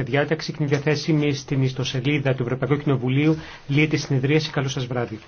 Η διάταξη είναι διαθέσιμη στην ιστοσελίδα του Ευρωπαϊκού Κοινοβουλίου. Λύεται η συνεδρίαση. Καλό σας βράδυ.